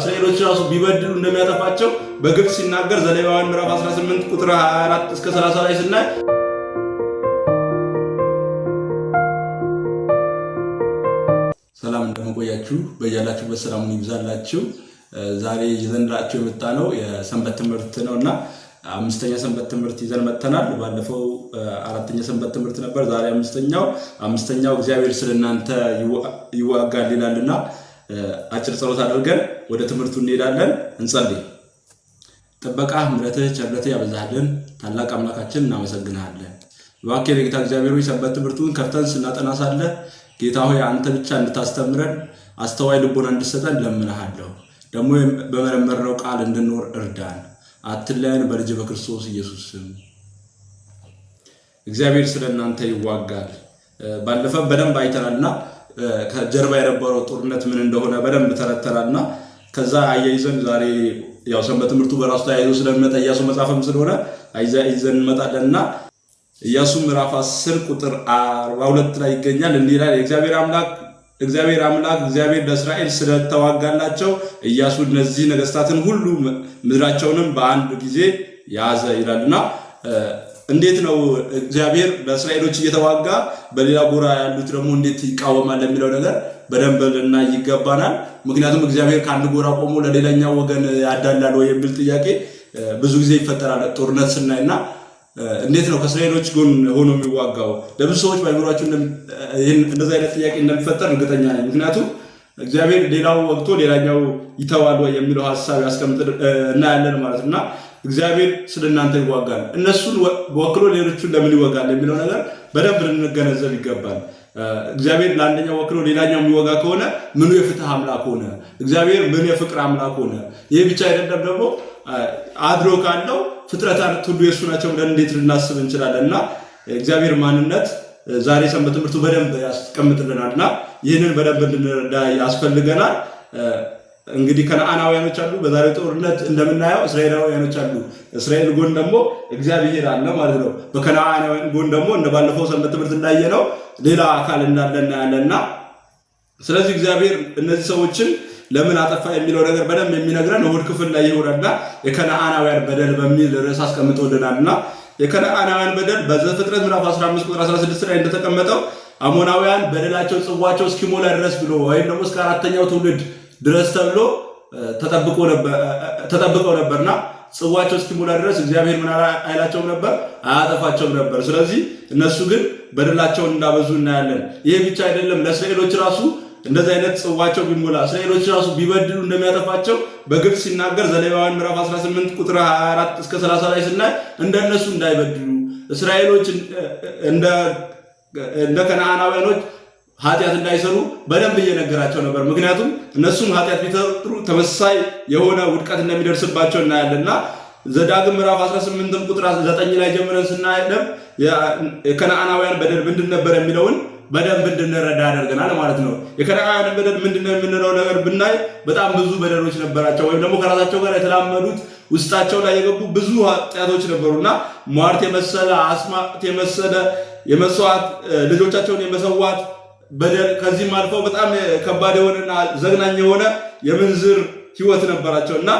እስራኤሎች ራሱ ቢበድሉ እንደሚያጠፋቸው በግብ ሲናገር ዘሌዋውያን ምዕራፍ 18 ቁጥር 24 እስከ 30 ላይ ስናይ ሰላም እንደመቆያችሁ በያላችሁበት በሰላሙን ይብዛላችሁ። ዛሬ ይዘንላችሁ የመጣ ነው የሰንበት ትምህርት ነው እና አምስተኛ ሰንበት ትምህርት ይዘን መጥተናል። ባለፈው አራተኛ ሰንበት ትምህርት ነበር፣ ዛሬ አምስተኛው። አምስተኛው እግዚአብሔር ስለ እናንተ ይዋጋል ይላልና አጭር ጸሎት አድርገን ወደ ትምህርቱ እንሄዳለን። እንጸልይ። ጥበቃ ምሕረትህ፣ ቸርነትህ ያበዛልን ታላቅ አምላካችን እናመሰግንሃለን። እባክህ ጌታ እግዚአብሔር ሆይ ሰንበት ትምህርቱን ከፍተን ስናጠና ሳለ ጌታ ሆይ አንተ ብቻ እንድታስተምረን አስተዋይ ልቦና እንድሰጠን ለምንሃለሁ። ደግሞ በመረመርነው ቃል እንድንኖር እርዳን፣ አትለያን። በልጅ በክርስቶስ ኢየሱስም። እግዚአብሔር ስለ እናንተ ይዋጋል። ባለፈ በደንብ አይተናልና ከጀርባ የነበረው ጦርነት ምን እንደሆነ በደንብ ተረተናልና ከዛ አያይዘን ዛሬ ያው ሰንበት ትምህርቱ በራሱ ተያይዞ ስለሚመጣ እያሱ መጽሐፍም ስለሆነ አያይዘን እንመጣለን እና እያሱ ምዕራፍ አስር ቁጥር ሁለት ላይ ይገኛል። እንዲህ ይላል የእግዚአብሔር አምላክ እግዚአብሔር አምላክ እግዚአብሔር ለእስራኤል ስለተዋጋላቸው እያሱ እነዚህ ነገስታትን ሁሉ ምድራቸውንም በአንድ ጊዜ ያዘ ይላል እና እንዴት ነው እግዚአብሔር በእስራኤሎች እየተዋጋ በሌላ ጎራ ያሉት ደግሞ እንዴት ይቃወማል የሚለው ነገር በደንብ ልናይ ይገባናል። ምክንያቱም እግዚአብሔር ከአንድ ጎራ ቆሞ ለሌላኛው ወገን ያዳላል የሚል ጥያቄ ብዙ ጊዜ ይፈጠራል። ጦርነት ስናይ እና እንዴት ነው ከእስራኤሎች ጎን ሆኖ የሚዋጋው? ለብዙ ሰዎች ባይኖራቸው እንደዚ አይነት ጥያቄ እንደሚፈጠር እርግጠኛ ነኝ። ምክንያቱም እግዚአብሔር ሌላው ወግቶ ሌላኛው ይተዋል የሚለው ሀሳብ ያስቀምጥ እናያለን ማለት እና እግዚአብሔር ስለ እናንተ ይዋጋል፣ እነሱን ወክሎ ሌሎቹን ለምን ይወጋል የሚለው ነገር በደንብ ልንገነዘብ ይገባል። እግዚአብሔር ለአንደኛው ወክሎ ሌላኛው የሚወጋ ከሆነ ምኑ የፍትህ አምላክ ሆነ? እግዚአብሔር ምን የፍቅር አምላክ ሆነ? ይህ ብቻ አይደለም ደግሞ አድሮ ካለው ፍጥረታት ሁሉ የእሱ ናቸው ብለን እንዴት ልናስብ እንችላለን? እና እግዚአብሔር ማንነት ዛሬ ሰንበት ትምህርቱ በደንብ ያስቀምጥልናል እና ይህንን በደንብ እንድንረዳ ያስፈልገናል። እንግዲህ ከነአናውያኖች አሉ። በዛሬ ጦርነት እንደምናየው እስራኤላውያኖች አሉ። እስራኤል ጎን ደግሞ እግዚአብሔር አለ ማለት ነው። በከነአናውያን ጎን ደግሞ ባለፈው ሰንበት ትምህርት ነው ሌላ አካል እንዳለ እናያለና፣ ስለዚህ እግዚአብሔር እነዚህ ሰዎችን ለምን አጠፋ የሚለው ነገር በደንብ የሚነግረን እሑድ ክፍል ላይ ይሆናልና የከነአናውያን በደል በሚል ርዕስ አስቀምጦልናልና የከነአናውያን በደል በዘፍጥረት ምዕራፍ 15 ቁጥር 16 ላይ እንደተቀመጠው አሞናውያን በደላቸው ጽዋቸው እስኪሞላ ድረስ ብሎ ወይም ደግሞ እስከ አራተኛው ትውልድ ድረስ ተብሎ ተጠብቀው ነበርና ጽዋቸው እስኪሞላ ድረስ እግዚአብሔር ምን አይላቸውም ነበር፣ አያጠፋቸውም ነበር። ስለዚህ እነሱ ግን በደላቸውን እንዳበዙ እናያለን። ይህ ብቻ አይደለም። ለእስራኤሎች ራሱ እንደዚህ አይነት ጽዋቸው ቢሞላ እስራኤሎች ራሱ ቢበድሉ እንደሚያጠፋቸው በግልጽ ሲናገር ዘሌዋውያን ምዕራፍ 18 ቁጥር 24 እስከ 30 ላይ ስናይ እንደነሱ እንዳይበድሉ እስራኤሎች እንደ ከነአናውያኖች ኃጢአት እንዳይሰሩ በደንብ እየነገራቸው ነበር። ምክንያቱም እነሱም ኃጢአት ቢፈጥሩ ተመሳሳይ የሆነ ውድቀት እንደሚደርስባቸው እናያለን እና ዘዳግም ምዕራፍ 18ም ቁጥር 9 ላይ ጀምረን ስናደም የከነአናውያን በደል ምንድን ነበር የሚለውን በደንብ እንድንረዳ ያደርገናል ማለት ነው። የከነአናውያን በደል ምንድነው የምንለው ነገር ብናይ በጣም ብዙ በደሎች ነበራቸው፣ ወይም ደግሞ ከራሳቸው ጋር የተላመዱት ውስጣቸው ላይ የገቡ ብዙ ኃጢአቶች ነበሩና ሟርት የመሰለ አስማት የመሰለ የመስዋዕት ልጆቻቸውን የመሰዋት ከዚህም አልፈው በጣም ከባድ የሆነና ዘግናኝ የሆነ የምንዝር ህይወት ነበራቸው እና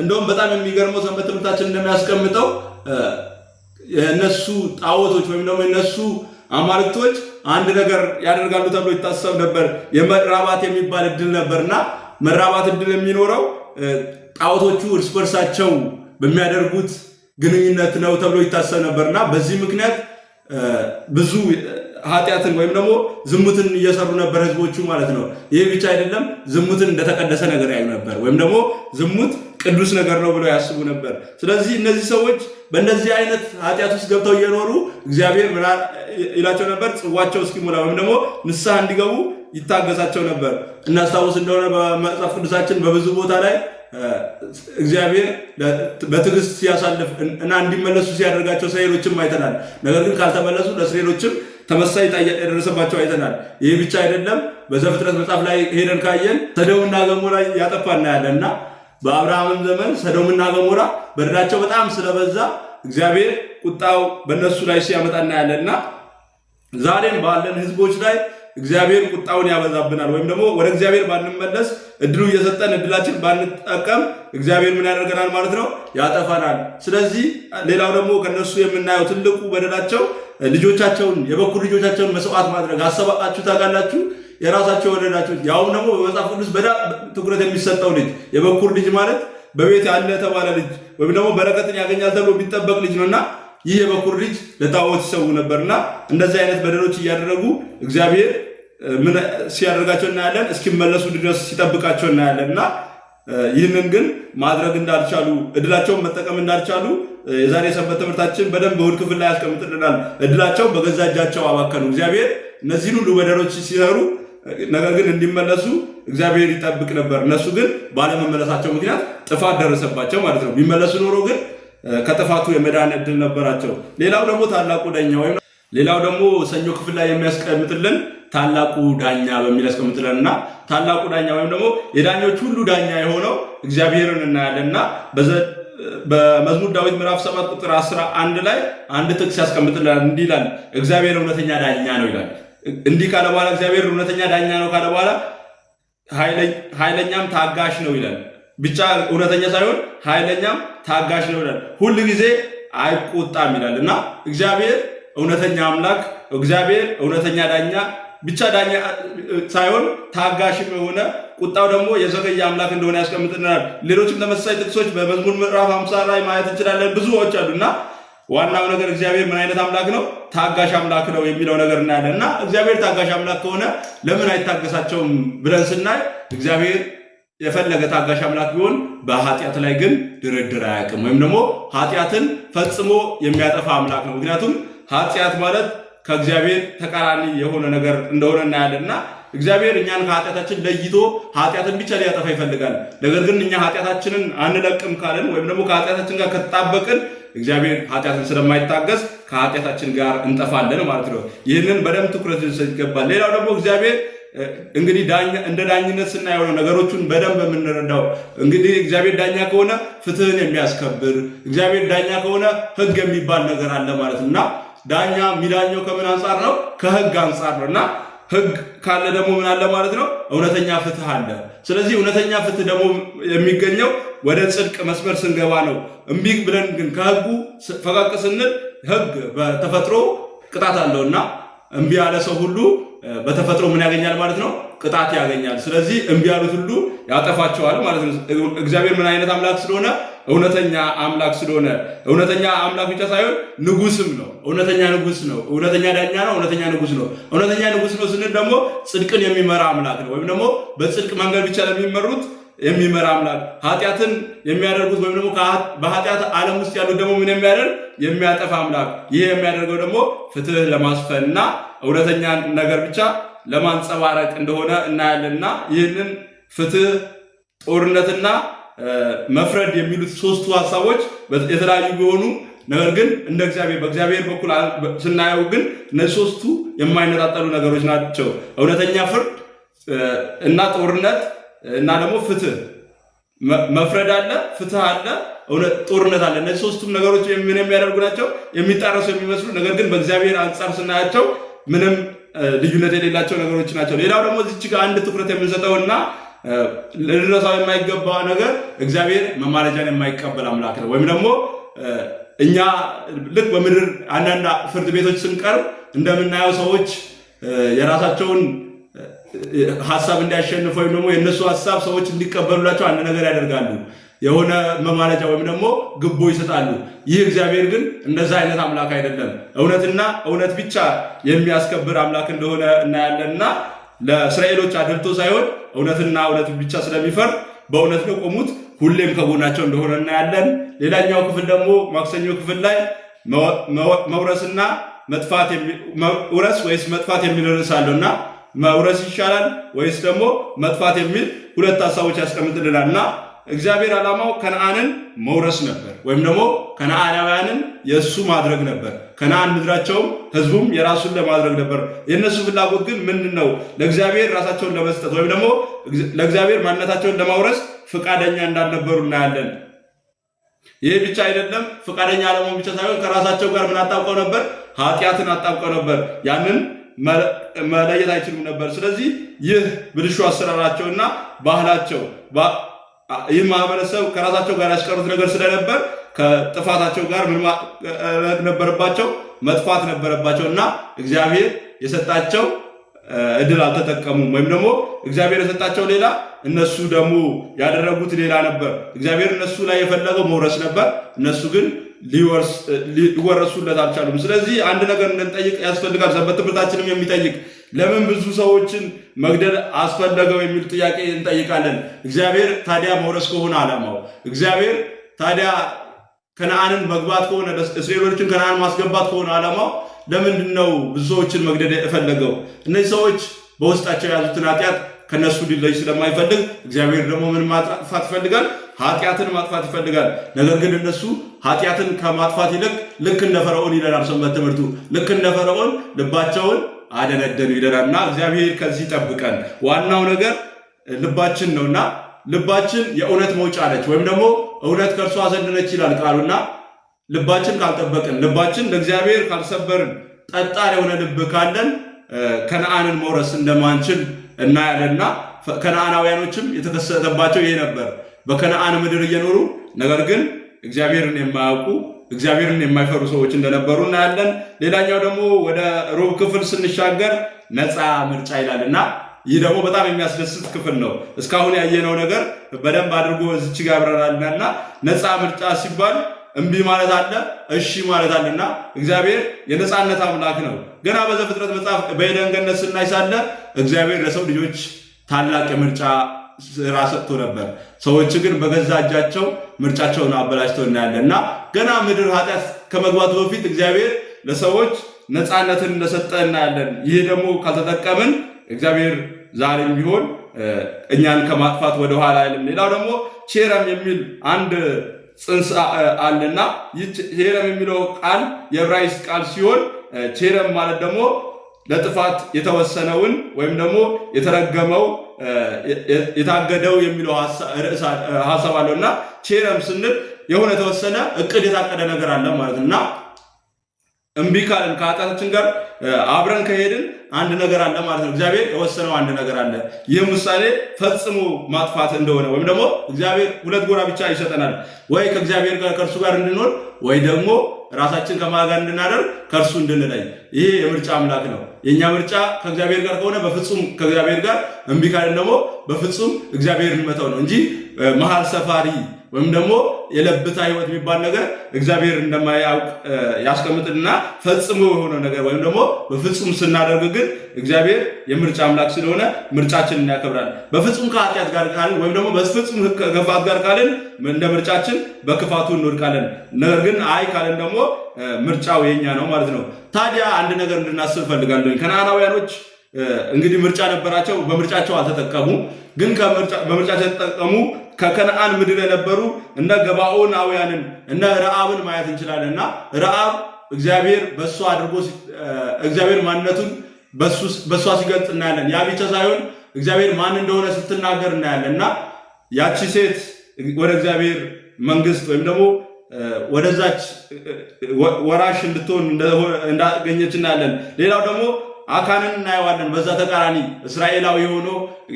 እንደውም በጣም የሚገርመው ሰንበት ትምህርታችን እንደሚያስቀምጠው የእነሱ ጣዖቶች ወይም ደግሞ የእነሱ አማልክቶች አንድ ነገር ያደርጋሉ ተብሎ ይታሰብ ነበር። የመራባት የሚባል እድል ነበር እና መራባት እድል የሚኖረው ጣዖቶቹ እርስ በርሳቸው በሚያደርጉት ግንኙነት ነው ተብሎ ይታሰብ ነበር እና በዚህ ምክንያት ብዙ ኃጢአትን ወይም ደግሞ ዝሙትን እየሰሩ ነበር ህዝቦቹ ማለት ነው። ይህ ብቻ አይደለም፣ ዝሙትን እንደተቀደሰ ነገር ያዩ ነበር፣ ወይም ደግሞ ዝሙት ቅዱስ ነገር ነው ብለው ያስቡ ነበር። ስለዚህ እነዚህ ሰዎች በእንደዚህ አይነት ኃጢአት ውስጥ ገብተው እየኖሩ እግዚአብሔር ይላቸው ነበር ጽዋቸው እስኪሞላ ወይም ደግሞ ንስሐ እንዲገቡ ይታገሳቸው ነበር። እናስታውስ እንደሆነ በመጽሐፍ ቅዱሳችን በብዙ ቦታ ላይ እግዚአብሔር በትዕግስት ሲያሳልፍ እና እንዲመለሱ ሲያደርጋቸው እስራኤሎችም አይተናል። ነገር ግን ካልተመለሱ ለእስራኤሎችም ተመሳሳይ የደረሰባቸው አይተናል። ይህ ብቻ አይደለም። በዘፍጥረት መጽሐፍ ላይ ሄደን ካየን ሰዶምና ገሞራ ያጠፋ እናያለን እና በአብርሃምም ዘመን ሰዶምና ገሞራ በደላቸው በጣም ስለበዛ እግዚአብሔር ቁጣው በእነሱ ላይ ሲያመጣ እናያለን እና ዛሬም ባለን ህዝቦች ላይ እግዚአብሔር ቁጣውን ያበዛብናል። ወይም ደግሞ ወደ እግዚአብሔር ባንመለስ እድሉ እየሰጠን እድላችን ባንጠቀም እግዚአብሔር ምን ያደርገናል ማለት ነው? ያጠፋናል። ስለዚህ ሌላው ደግሞ ከነሱ የምናየው ትልቁ በደላቸው ልጆቻቸውን የበኩር ልጆቻቸውን መስዋዕት ማድረግ አሰባችሁ ታውቃላችሁ። የራሳቸው የወለዳችሁት ያውም ደግሞ በመጽሐፍ ቅዱስ በዳ ትኩረት የሚሰጠው ልጅ የበኩር ልጅ ማለት በቤት ያለ የተባለ ልጅ ወይም ደግሞ በረከትን ያገኛል ተብሎ የሚጠበቅ ልጅ ነውና ይህ የበኩር ልጅ ለጣዖት ይሰዉ ነበርና እንደዚህ አይነት በደሎች እያደረጉ እግዚአብሔር ምን ሲያደርጋቸው እናያለን። እስኪመለሱ ድረስ ሲጠብቃቸው እናያለን እና ይህንን ግን ማድረግ እንዳልቻሉ እድላቸውን መጠቀም እንዳልቻሉ የዛሬ ሰንበት ትምህርታችን በደንብ እሑድ ክፍል ላይ ያስቀምጥልናል። እድላቸው በገዛ እጃቸው አባከኑ። እግዚአብሔር እነዚህን ሁሉ በደሎች ሲሰሩ ነገር ግን እንዲመለሱ እግዚአብሔር ይጠብቅ ነበር። እነሱ ግን ባለመመለሳቸው ምክንያት ጥፋት ደረሰባቸው ማለት ነው። ቢመለሱ ኖሮ ግን ከጥፋቱ የመዳን እድል ነበራቸው። ሌላው ደግሞ ታላቁ ዳኛ ወይም ሌላው ደግሞ ሰኞ ክፍል ላይ የሚያስቀምጥልን ታላቁ ዳኛ በሚል ያስቀምጥልን እና ታላቁ ዳኛ ወይም ደግሞ የዳኞች ሁሉ ዳኛ የሆነው እግዚአብሔርን እናያለን እና በመዝሙር ዳዊት ምዕራፍ ሰባት ቁጥር አንድ ላይ አንድ ጥቅስ ያስቀምጥልናል። እንዲህ ይላል፣ እግዚአብሔር እውነተኛ ዳኛ ነው ይላል። እንዲህ ካለ በኋላ እግዚአብሔር እውነተኛ ዳኛ ነው ካለ በኋላ ኃይለኛም ታጋሽ ነው ይላል። ብቻ እውነተኛ ሳይሆን ኃይለኛም ታጋሽ ነው ይላል። ሁል ጊዜ አይቆጣም ይላል እና እግዚአብሔር እውነተኛ አምላክ እግዚአብሔር እውነተኛ ዳኛ ብቻ ዳኛ ሳይሆን ታጋሽም የሆነ ቁጣው ደግሞ የዘገየ አምላክ እንደሆነ ያስቀምጥልናል። ሌሎችም ተመሳሳይ ጥቅሶች በመዝሙር ምዕራፍ ሃምሳ ላይ ማየት እንችላለን። ብዙዎች አሉ እና ዋናው ነገር እግዚአብሔር ምን አይነት አምላክ ነው? ታጋሽ አምላክ ነው የሚለው ነገር እናያለን። እና እግዚአብሔር ታጋሽ አምላክ ከሆነ ለምን አይታገሳቸውም ብለን ስናይ እግዚአብሔር የፈለገ ታጋሽ አምላክ ቢሆን በኃጢአት ላይ ግን ድርድር አያውቅም፣ ወይም ደግሞ ኃጢአትን ፈጽሞ የሚያጠፋ አምላክ ነው። ምክንያቱም ኃጢአት ማለት ከእግዚአብሔር ተቃራኒ የሆነ ነገር እንደሆነ እናያለን እና እግዚአብሔር እኛን ከኃጢአታችን ለይቶ ኃጢአትን ብቻ ሊያጠፋ ይፈልጋል። ነገር ግን እኛ ኃጢአታችንን አንለቅም ካለን ወይም ደግሞ ከኃጢአታችን ጋር ከተጣበቅን እግዚአብሔር ኃጢአትን ስለማይታገስ ከኃጢአታችን ጋር እንጠፋለን ማለት ነው። ይህንን በደንብ ትኩረት ሊሰጥ ይገባል። ሌላው ደግሞ እግዚአብሔር እንግዲህ እንደ ዳኝነት ስናየው ነገሮቹን በደንብ የምንረዳው እንግዲህ እግዚአብሔር ዳኛ ከሆነ ፍትህን የሚያስከብር እግዚአብሔር ዳኛ ከሆነ ህግ የሚባል ነገር አለ ማለት ነው እና ዳኛ የሚዳኘው ከምን አንጻር ነው? ከህግ አንጻር ነው። እና ህግ ካለ ደግሞ ምን አለ ማለት ነው? እውነተኛ ፍትህ አለ። ስለዚህ እውነተኛ ፍትህ ደግሞ የሚገኘው ወደ ጽድቅ መስመር ስንገባ ነው። እምቢ ብለን ግን ከህጉ ፈቀቅ ስንል ህግ በተፈጥሮ ቅጣት አለው እና እምቢ ያለ ሰው ሁሉ በተፈጥሮ ምን ያገኛል ማለት ነው? ቅጣት ያገኛል። ስለዚህ እምቢ ያሉት ሁሉ ያጠፋቸዋል ማለት ነው። እግዚአብሔር ምን አይነት አምላክ ስለሆነ እውነተኛ አምላክ ስለሆነ እውነተኛ አምላክ ብቻ ሳይሆን ንጉስም ነው። እውነተኛ ንጉስ ነው። እውነተኛ ዳኛ ነው። እውነተኛ ንጉስ ነው። እውነተኛ ንጉስ ነው ስንል ደግሞ ጽድቅን የሚመራ አምላክ ነው። ወይም ደግሞ በጽድቅ መንገድ ብቻ ለሚመሩት የሚመራ አምላክ ኃጢአትን የሚያደርጉት ወይም ደግሞ በኃጢአት ዓለም ውስጥ ያሉት ደግሞ ምን የሚያደርግ የሚያጠፋ አምላክ። ይህ የሚያደርገው ደግሞ ፍትህ ለማስፈን እና እውነተኛ ነገር ብቻ ለማንጸባረቅ እንደሆነ እናያለንና ይህንን ፍትህ ጦርነትና መፍረድ የሚሉት ሶስቱ ሀሳቦች የተለያዩ ቢሆኑ ነገር ግን እንደ እግዚአብሔር በእግዚአብሔር በኩል ስናየው ግን እነዚህ ሶስቱ የማይነጣጠሉ ነገሮች ናቸው። እውነተኛ ፍርድ እና ጦርነት እና ደግሞ ፍትህ፣ መፍረድ አለ፣ ፍትህ አለ፣ ጦርነት አለ። እነዚህ ሶስቱም ነገሮች ምን የሚያደርጉ ናቸው? የሚጣረሱ የሚመስሉ ነገር ግን በእግዚአብሔር አንጻር ስናያቸው ምንም ልዩነት የሌላቸው ነገሮች ናቸው። ሌላው ደግሞ እዚች ጋር አንድ ትኩረት እና ልንረሳው የማይገባ ነገር እግዚአብሔር መማለጃን የማይቀበል አምላክ ነው። ወይም ደግሞ እኛ ልክ በምድር አንዳንድ ፍርድ ቤቶች ስንቀርብ እንደምናየው ሰዎች የራሳቸውን ሀሳብ እንዲያሸንፍ ወይም ደግሞ የእነሱ ሀሳብ ሰዎች እንዲቀበሉላቸው አንድ ነገር ያደርጋሉ። የሆነ መማለጃ ወይም ደግሞ ግቦ ይሰጣሉ። ይህ እግዚአብሔር ግን እንደዛ አይነት አምላክ አይደለም። እውነትና እውነት ብቻ የሚያስከብር አምላክ እንደሆነ እናያለን እና ለእስራኤሎች አድልቶ ሳይሆን እውነትና እውነት ብቻ ስለሚፈር በእውነት ነው ቆሙት፣ ሁሌም ከጎናቸው እንደሆነ እናያለን። ሌላኛው ክፍል ደግሞ ማክሰኞ ክፍል ላይ መውረስና መጥፋት ውረስ ወይስ መጥፋት የሚል ርዕስ አለው እና መውረስ ይሻላል ወይስ ደግሞ መጥፋት የሚል ሁለት ሀሳቦች ያስቀምጥልናል እና እግዚአብሔር ዓላማው ከነአንን መውረስ ነበር፣ ወይም ደግሞ ከነአናውያንን የእሱ ማድረግ ነበር። ከነአን ምድራቸውም ህዝቡም የራሱን ለማድረግ ነበር። የእነሱ ፍላጎት ግን ምንድን ነው? ለእግዚአብሔር ራሳቸውን ለመስጠት ወይም ደግሞ ለእግዚአብሔር ማንነታቸውን ለማውረስ ፈቃደኛ እንዳልነበሩ እናያለን። ይህ ብቻ አይደለም። ፈቃደኛ አለመሆን ብቻ ሳይሆን ከራሳቸው ጋር ምን አጣብቀው ነበር? ኃጢአትን አጣብቀው ነበር። ያንን መለየት አይችሉም ነበር። ስለዚህ ይህ ብልሹ አሰራራቸውና ባህላቸው ይህ ማህበረሰብ ከራሳቸው ጋር ያስቀሩት ነገር ስለነበር ከጥፋታቸው ጋር ምን ነበረባቸው? መጥፋት ነበረባቸው እና እግዚአብሔር የሰጣቸው እድል አልተጠቀሙም። ወይም ደግሞ እግዚአብሔር የሰጣቸው ሌላ እነሱ ደግሞ ያደረጉት ሌላ ነበር። እግዚአብሔር እነሱ ላይ የፈለገው መውረስ ነበር፣ እነሱ ግን ሊወረሱለት አልቻሉም። ስለዚህ አንድ ነገር እንድንጠይቅ ያስፈልጋል። ሰንበት ትምህርታችንም የሚጠይቅ ለምን ብዙ ሰዎችን መግደል አስፈለገው የሚል ጥያቄ እንጠይቃለን። እግዚአብሔር ታዲያ መውረስ ከሆነ ዓላማው እግዚአብሔር ታዲያ ከነአንን መግባት ከሆነ እስራኤሎችን ከነአን ማስገባት ከሆነ ዓላማው ለምንድን ነው ብዙ ሰዎችን መግደል የፈለገው? እነዚህ ሰዎች በውስጣቸው የያዙትን ኃጢአት ከነሱ ሊለይ ስለማይፈልግ እግዚአብሔር ደግሞ ምን ማጥፋት ይፈልጋል? ኃጢአትን ማጥፋት ይፈልጋል። ነገር ግን እነሱ ኃጢአትን ከማጥፋት ይልቅ ልክ እንደ ፈርዖን ይለናል ሰንበት ትምህርቱ ልክ እንደ ፈርዖን ልባቸውን አደነደኑ ይደራና እግዚአብሔር ከዚህ ጠብቀን። ዋናው ነገር ልባችን ነውና ልባችን የእውነት መውጫ ነች፣ ወይም ደግሞ እውነት ከእርሷ ዘንድ ነች ይላል ቃሉና ልባችን ካልጠበቅን ልባችን ለእግዚአብሔር ካልሰበርን ጠጣር የሆነ ልብ ካለን ከነአንን መውረስ እንደማንችል እናያለና ከነአናውያኖችም የተከሰተባቸው ይሄ ነበር። በከነአን ምድር እየኖሩ ነገር ግን እግዚአብሔርን የማያውቁ እግዚአብሔርን የማይፈሩ ሰዎች እንደነበሩ እናያለን። ሌላኛው ደግሞ ወደ ሮብ ክፍል ስንሻገር ነፃ ምርጫ ይላል እና ይህ ደግሞ በጣም የሚያስደስት ክፍል ነው። እስካሁን ያየነው ነገር በደንብ አድርጎ እዚች ጋር ያብራራልና ነፃ ምርጫ ሲባል እምቢ ማለት አለ፣ እሺ ማለት እና እግዚአብሔር የነፃነት አምላክ ነው። ገና በዘፍጥረት መጽሐፍ በኤደን ገነት ስናይ ሳለ እግዚአብሔር ለሰው ልጆች ታላቅ የምርጫ ስራ ሰጥቶ ነበር። ሰዎች ግን በገዛ እጃቸው ምርጫቸውን አበላሽተው እናያለን እና ገና ምድር ኃጢአት ከመግባቱ በፊት እግዚአብሔር ለሰዎች ነፃነትን እንደሰጠ እናያለን። ይህ ደግሞ ካልተጠቀምን እግዚአብሔር ዛሬም ቢሆን እኛን ከማጥፋት ወደኋላ አይልም። ሌላው ደግሞ ቼረም የሚል አንድ ጽንስ አለና ይህ ቼረም የሚለው ቃል የዕብራይስጥ ቃል ሲሆን ቼረም ማለት ደግሞ ለጥፋት የተወሰነውን ወይም ደግሞ የተረገመው የታገደው የሚለው ሀሳብ አለው እና ቼረም ስንል የሆነ የተወሰነ እቅድ የታቀደ ነገር አለ ማለት እና እምቢ ካልን ከኃጢአታችን ጋር አብረን ከሄድን አንድ ነገር አለ ማለት ነው። እግዚአብሔር የወሰነው አንድ ነገር አለ። ይህም ውሳኔ ፈጽሞ ማጥፋት እንደሆነ ወይም ደግሞ እግዚአብሔር ሁለት ጎራ ብቻ ይሰጠናል። ወይ ከእግዚአብሔር ጋር ከእርሱ ጋር እንድንሆን ወይ ደግሞ ራሳችን ከማን ጋር እንድናደርግ ከእርሱ እንድንለይ። ይሄ የምርጫ አምላክ ነው። የእኛ ምርጫ ከእግዚአብሔር ጋር ከሆነ በፍጹም ከእግዚአብሔር ጋር እምቢ ካልን ደግሞ በፍጹም እግዚአብሔር እንመተው ነው እንጂ መሀል ሰፋሪ ወይም ደግሞ የለብታ ህይወት የሚባል ነገር እግዚአብሔር እንደማያውቅ ያስቀምጥና ፈጽሞ የሆነ ነገር ወይም ደግሞ በፍጹም ስናደርግ ግን እግዚአብሔር የምርጫ አምላክ ስለሆነ ምርጫችንን ያከብራል። በፍጹም ከኃጢአት ጋር ካልን ወይም ደግሞ በፍጹም ከክፋት ጋር ካልን እንደ ምርጫችን በክፋቱ እንወድቃለን። ነገር ግን አይ ካልን ደግሞ ምርጫው የኛ ነው ማለት ነው። ታዲያ አንድ ነገር እንድናስብ ፈልጋለሁኝ ከነአናውያኖች እንግዲህ ምርጫ ነበራቸው። በምርጫቸው አልተጠቀሙም። ግን በምርጫቸው የተጠቀሙ ከከነአን ምድር የነበሩ እነ ገባኦናውያንን እነ ረአብን ማየት እንችላለን። እና ረአብ እግዚአብሔር በእሷ አድርጎ እግዚአብሔር ማንነቱን በእሷ ሲገልጽ እናያለን። ያ ብቻ ሳይሆን እግዚአብሔር ማን እንደሆነ ስትናገር እናያለን። እና ያቺ ሴት ወደ እግዚአብሔር መንግስት ወይም ደግሞ ወደዛች ወራሽ እንድትሆን እንዳገኘች እናያለን። ሌላው ደግሞ አካንን እናየዋለን። በዛ ተቃራኒ እስራኤላዊ ሆኖ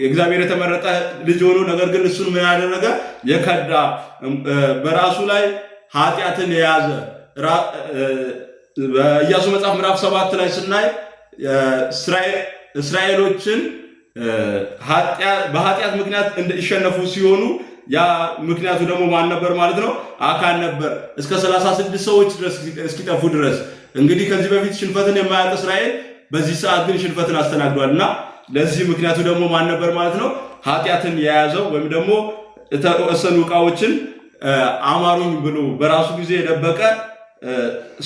እግዚአብሔር የተመረጠ ልጅ ሆኖ ነገር ግን እሱን ምን ያደረገ የከዳ በራሱ ላይ ኃጢአትን የያዘ በኢያሱ መጽሐፍ ምዕራፍ ሰባት ላይ ስናይ እስራኤሎችን በኃጢአት ምክንያት እንደሸነፉ ሲሆኑ ያ ምክንያቱ ደግሞ ማን ነበር ማለት ነው? አካን ነበር። እስከ 36 ሰዎች ድረስ እስኪጠፉ ድረስ እንግዲህ ከዚህ በፊት ሽንፈትን የማያውቅ እስራኤል በዚህ ሰዓት ግን ሽንፈትን አስተናግዷል እና ለዚህ ምክንያቱ ደግሞ ማን ነበር ማለት ነው? ኃጢአትን የያዘው ወይም ደግሞ የተወሰኑ እቃዎችን አማሩኝ ብሎ በራሱ ጊዜ የደበቀ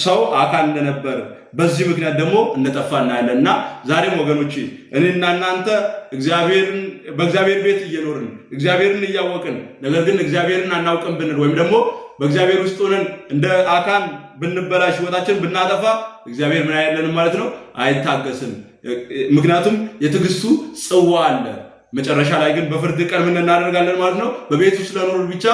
ሰው አካል እንደነበር በዚህ ምክንያት ደግሞ እንደጠፋ እናያለን እና ዛሬም ወገኖች እኔና እናንተ በእግዚአብሔር ቤት እየኖርን እግዚአብሔርን እያወቅን ነገር ግን እግዚአብሔርን አናውቅም ብንል ወይም ደግሞ በእግዚአብሔር ውስጥ ሆነን እንደ አካን ብንበላሽ፣ ህይወታችን ብናጠፋ እግዚአብሔር ምን አይለንም ማለት ነው፣ አይታገስም። ምክንያቱም የትዕግስቱ ጽዋ አለ። መጨረሻ ላይ ግን በፍርድ ቀን ምን እናደርጋለን ማለት ነው። በቤት ውስጥ ለኖር ብቻ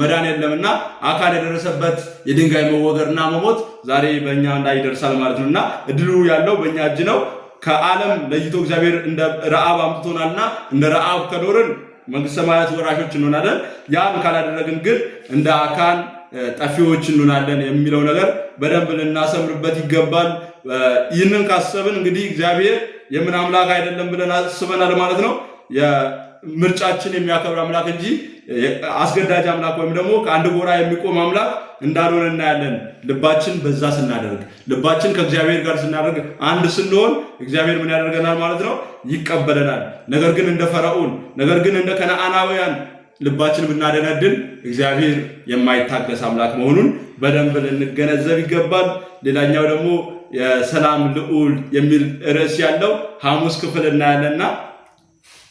መዳን የለምና አካል የደረሰበት የድንጋይ መወገርና መሞት ዛሬ በእኛ ላይ ይደርሳል ማለት ነው እና እድሉ ያለው በእኛ እጅ ነው። ከዓለም ለይቶ እግዚአብሔር እንደ ረአብ አምጥቶናልና እንደ ረአብ ከኖርን መንግስት ሰማያት ወራሾች እንሆናለን። ያን ካላደረግን ግን እንደ አካን ጠፊዎች እንሆናለን የሚለው ነገር በደንብ ልናሰምርበት ይገባል። ይህንን ካሰብን እንግዲህ እግዚአብሔር የምን አምላክ አይደለም ብለን አስበናል ማለት ነው። ምርጫችን የሚያከብር አምላክ እንጂ አስገዳጅ አምላክ ወይም ደግሞ ከአንድ ጎራ የሚቆም አምላክ እንዳልሆነ እናያለን። ልባችን በዛ ስናደርግ፣ ልባችን ከእግዚአብሔር ጋር ስናደርግ፣ አንድ ስንሆን እግዚአብሔር ምን ያደርገናል ማለት ነው? ይቀበለናል። ነገር ግን እንደ ፈርዖን፣ ነገር ግን እንደ ከነአናውያን ልባችን ብናደነድን እግዚአብሔር የማይታገስ አምላክ መሆኑን በደንብ ልንገነዘብ ይገባል። ሌላኛው ደግሞ የሰላም ልዑል የሚል ርዕስ ያለው ሐሙስ ክፍል እናያለና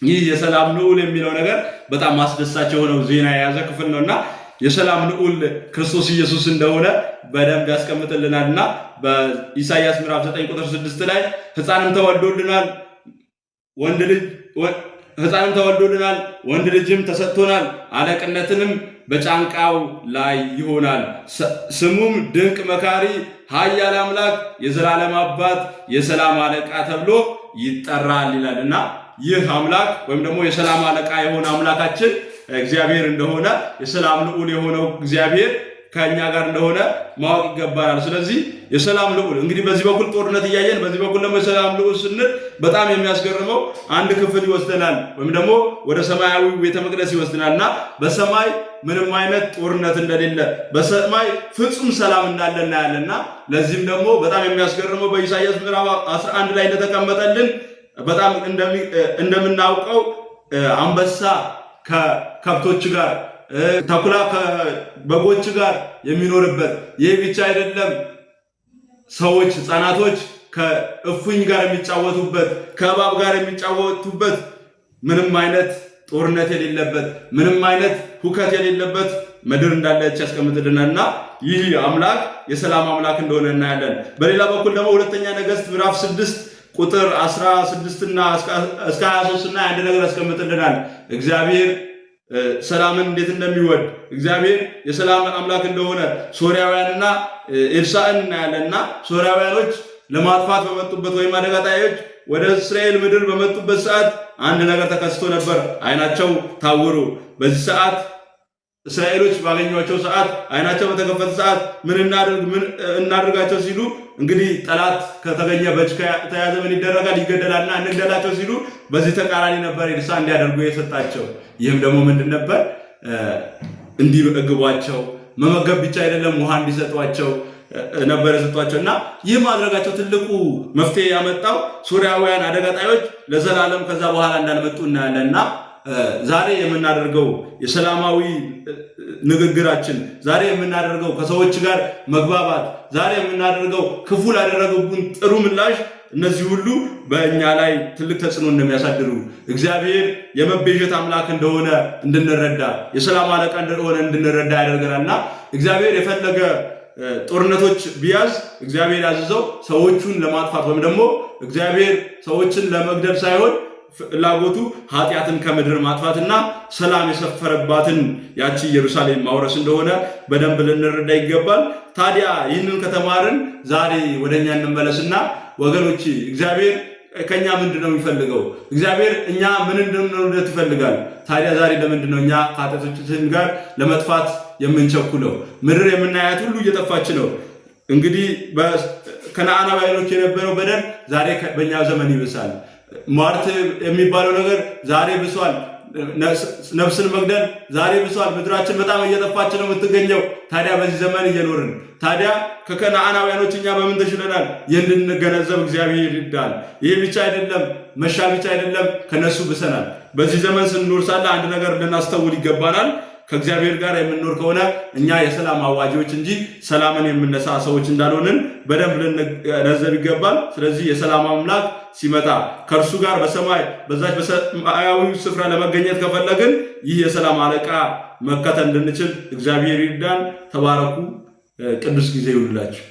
ይህ የሰላም ልዑል የሚለው ነገር በጣም አስደሳች የሆነው ዜና የያዘ ክፍል ነው እና የሰላም ልዑል ክርስቶስ ኢየሱስ እንደሆነ በደንብ ያስቀምጥልናል እና በኢሳይያስ ምዕራፍ 9 ቁጥር 6 ላይ ሕፃንም ተወልዶልናል ወንድ ልጅ ሕፃን ተወልዶልናል፣ ወንድ ልጅም ተሰጥቶናል፣ አለቅነትንም በጫንቃው ላይ ይሆናል። ስሙም ድንቅ መካሪ፣ ኃያል አምላክ፣ የዘላለም አባት፣ የሰላም አለቃ ተብሎ ይጠራል ይላል እና ይህ አምላክ ወይም ደግሞ የሰላም አለቃ የሆነ አምላካችን እግዚአብሔር እንደሆነ የሰላም ልዑል የሆነው እግዚአብሔር ከእኛ ጋር እንደሆነ ማወቅ ይገባናል። ስለዚህ የሰላም ልዑል እንግዲህ በዚህ በኩል ጦርነት እያየን በዚህ በኩል ደግሞ የሰላም ልዑል ስንል በጣም የሚያስገርመው አንድ ክፍል ይወስደናል ወይም ደግሞ ወደ ሰማያዊ ቤተ መቅደስ ይወስደናል እና በሰማይ ምንም አይነት ጦርነት እንደሌለ በሰማይ ፍጹም ሰላም እንዳለ እናያለን እና ለዚህም ደግሞ በጣም የሚያስገርመው በኢሳያስ ምዕራፍ 11 ላይ እንደተቀመጠልን በጣም እንደምናውቀው አንበሳ ከከብቶች ጋር ተኩላ ከበጎች ጋር የሚኖርበት። ይህ ብቻ አይደለም፣ ሰዎች ሕፃናቶች ከእፉኝ ጋር የሚጫወቱበት፣ ከእባብ ጋር የሚጫወቱበት፣ ምንም አይነት ጦርነት የሌለበት፣ ምንም አይነት ሁከት የሌለበት ምድር እንዳለች ያስቀምጥልናል ይህ አምላክ የሰላም አምላክ እንደሆነ እናያለን። በሌላ በኩል ደግሞ ሁለተኛ ነገስት ምዕራፍ ስድስት ቁጥር 16 እና እስከ 23 እና አንድ ነገር ያስቀምጥልናል እግዚአብሔር ሰላምን እንዴት እንደሚወድ እግዚአብሔር የሰላም አምላክ እንደሆነ ሶርያውያንና ኤልሳዕን እናያለን እና ሶርያውያኖች ለማጥፋት በመጡበት ወይም አደጋ ጣዮች ወደ እስራኤል ምድር በመጡበት ሰዓት አንድ ነገር ተከስቶ ነበር። አይናቸው ታወሩ። በዚህ ሰዓት እስራኤሎች ባገኟቸው ሰዓት አይናቸው በተከፈተ ሰዓት ምን እናድርጋቸው ሲሉ እንግዲህ ጠላት ከተገኘ በእጅ ተያዘ ምን ይደረጋል? ይገደላልና እንግደላቸው ሲሉ በዚህ ተቃራኒ ነበር ኤልሳዕ እንዲያደርጉ የሰጣቸው። ይህም ደግሞ ምንድን ነበር? እንዲመግቧቸው መመገብ ብቻ አይደለም ውሃ እንዲሰጧቸው ነበር የሰጧቸው እና ይህ ማድረጋቸው ትልቁ መፍትሄ ያመጣው ሱሪያውያን አደጋጣዮች ለዘላለም ከዛ በኋላ እንዳልመጡ እናያለን እና ዛሬ የምናደርገው የሰላማዊ ንግግራችን፣ ዛሬ የምናደርገው ከሰዎች ጋር መግባባት፣ ዛሬ የምናደርገው ክፉ ላደረገብን ጥሩ ምላሽ እነዚህ ሁሉ በእኛ ላይ ትልቅ ተጽዕኖ እንደሚያሳድሩ እግዚአብሔር የመቤዠት አምላክ እንደሆነ እንድንረዳ የሰላም አለቃ እንደሆነ እንድንረዳ ያደርገናልና እግዚአብሔር የፈለገ ጦርነቶች ቢያዝ እግዚአብሔር ያዘዘው ሰዎቹን ለማጥፋት ወይም ደግሞ እግዚአብሔር ሰዎችን ለመግደል ሳይሆን ፍላጎቱ ኃጢአትን ከምድር ማጥፋትና ሰላም የሰፈረባትን ያቺ ኢየሩሳሌም ማውረስ እንደሆነ በደንብ ልንረዳ ይገባል። ታዲያ ይህንን ከተማርን ዛሬ ወደ እኛ እንመለስና ወገኖች፣ እግዚአብሔር ከእኛ ምንድን ነው የሚፈልገው? እግዚአብሔር እኛ ምን እንድንወደድ ይፈልጋል? ታዲያ ዛሬ ለምንድን ነው እኛ ከኃጢአቶቻችን ጋር ለመጥፋት የምንቸኩለው? ምድር የምናያት ሁሉ እየጠፋች ነው። እንግዲህ ከነአናባይኖች የነበረው በደል ዛሬ በእኛ ዘመን ይብሳል። ሟርት የሚባለው ነገር ዛሬ ብሷል። ነፍስን መግደል ዛሬ ብሷል። ምድራችን በጣም እየጠፋች ነው የምትገኘው። ታዲያ በዚህ ዘመን እየኖርን ታዲያ ከከነአናውያኖች እኛ በምን ተሽለናል? እንድንገነዘብ እግዚአብሔር ይዳል። ይህ ብቻ አይደለም፣ መሻ ብቻ አይደለም፣ ከነሱ ብሰናል። በዚህ ዘመን ስንኖር ሳለ አንድ ነገር ልናስተውል ይገባናል። ከእግዚአብሔር ጋር የምንኖር ከሆነ እኛ የሰላም አዋጂዎች እንጂ ሰላምን የምነሳ ሰዎች እንዳልሆንን በደንብ ልንገነዘብ ይገባል። ስለዚህ የሰላም አምላክ ሲመጣ ከእርሱ ጋር በሰማይ በዛች በሰማያዊ ስፍራ ለመገኘት ከፈለግን ይህ የሰላም አለቃ መከተል እንድንችል እግዚአብሔር ይርዳን። ተባረኩ። ቅዱስ ጊዜ ይሁንላችሁ።